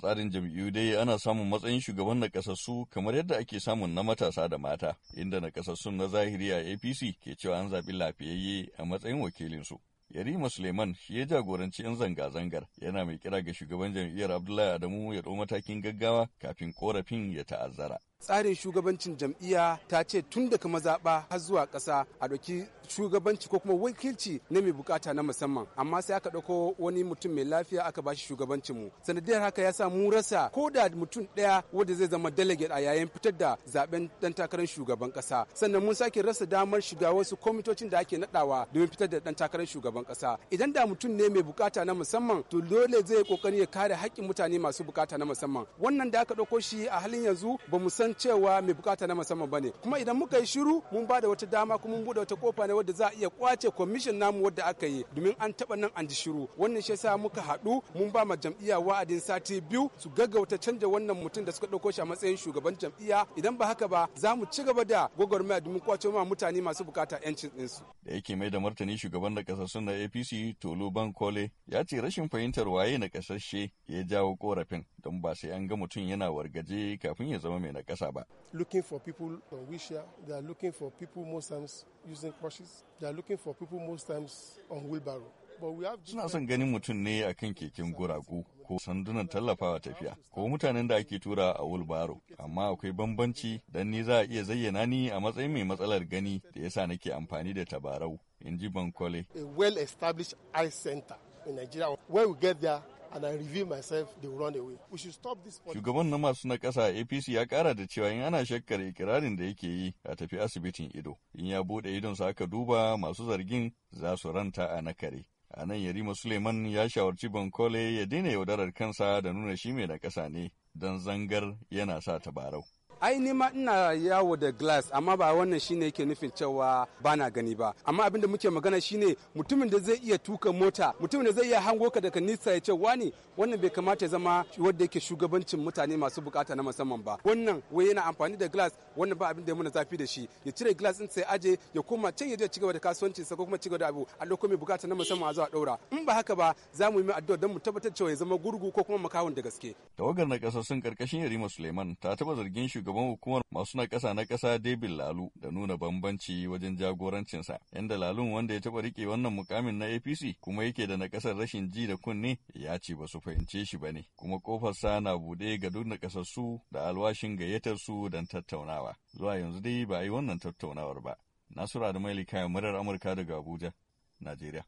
tsarin jam'iyyu dai ana samun matsayin shugaban nakasassu kamar yadda ake samun na matasa da mata, inda nakasassun na zahiri a APC ke cewa an zaɓi lafiyayye a matsayin wakilinsu. Yarima Suleiman shi ya jagoranci 'yan zanga-zangar yana mai kira ga shugaban jam'iyyar Abdullahi Adamu ya ɗau matakin gaggawa kafin korafin ya ta'azzara. tsarin shugabancin jam'iyya ta ce tun daga mazaɓa har zuwa ƙasa a ɗauki shugabanci ko kuma wakilci na mai bukata na musamman amma sai aka ɗauko wani mutum mai lafiya aka bashi shugabancin mu sanadiyar haka ya sa mu rasa ko da mutum ɗaya wanda zai zama delegate a yayin fitar da zaben dan takarar shugaban ƙasa sannan mun sake rasa damar shiga wasu kwamitocin da ake naɗawa domin fitar da dan takarar shugaban ƙasa idan da mutum ne mai bukata na musamman to dole zai kokari ya kare haƙƙin mutane masu bukata na musamman wannan da aka ɗauko shi a halin yanzu ba mu san san cewa mai bukata na musamman ba ne kuma idan muka yi shiru mun ba da wata dama kuma mun bude wata kofa ne wadda za a iya kwace kwamishin namu wadda aka yi domin an taba nan an ji shiru wannan shi yasa muka haɗu mun ba ma jam'iyya wa'adin sati biyu su gaggauta canja wannan mutum da suka ɗauko shi a matsayin shugaban jam'iyya idan ba haka ba za mu ci gaba da gwagwarmaya domin kwace ma mutane masu bukata 'yancin ɗinsu. da yake mai da martani shugaban da kasassun na apc tolu bankole ya ce rashin fahimtar waye na ƙasashe ya jawo korafin don ba sai an ga mutum yana wargaje kafin ya zama mai na ƙasa ba. Looking for people on uh, wheelchair, they are looking for people most times using crutches, they are looking for people most times on wheelbarrow. Suna son ganin mutum ne a kan keken guragu ko sandunan tallafawa tafiya ko mutanen da ake tura a wulbaro amma akwai bambanci don ni za a iya zayyana ni a matsayin mai matsalar gani da yasa nake amfani da tabarau in ji Bankole. A well-established eye center in Nigeria. where we get there, and I reveal myself, they will run away. We should stop this. Shugaban na masu na ƙasa APC ya ƙara da cewa in ana shakkar ikirarin da yake yi a tafi asibitin ido. In ya buɗe idon su aka duba masu zargin za su ranta a na kare. A nan Yarima Suleiman ya shawarci Bankole ya daina yaudarar kansa da nuna shi mai na ƙasa ne don zangar yana sa tabarau. ai ni ma ina yawo da glass amma ba wannan shine yake nufin cewa ba na gani ba amma abinda muke magana shine mutumin da zai iya tuka mota mutumin da zai iya hango ka daga nisa ya ce wani wannan bai kamata ya zama wanda yake shugabancin mutane masu bukata na musamman ba wannan wai yana amfani da glass wannan ba abin da ya muna zafi da shi ya cire glass din sai aje ya koma can ya je ci gaba da kasuwancin sa ko kuma ci gaba da abu a lokacin mai bukata na musamman a zuwa daura in ba haka ba za mu yi mai addu'a don mu tabbatar cewa ya zama gurgu ko kuma makawun da gaske tawagar na sun karkashin yarima suleiman ta taba zargin shugaban shugaban hukumar masu na ƙasa na ƙasa David Lalu da nuna bambanci wajen jagorancinsa. Yanda Lalun wanda ya taɓa riƙe wannan mukamin na APC kuma yake da na ƙasar rashin ji da kunne ya ce ba su fahimce shi ba ne. Kuma ƙofarsa na buɗe ga duk na ƙasassu da alwashin gayyatar su don tattaunawa. Zuwa yanzu dai ba a yi wannan tattaunawar ba. nasiru da Maili kayan murar Amurka daga Abuja, Najeriya.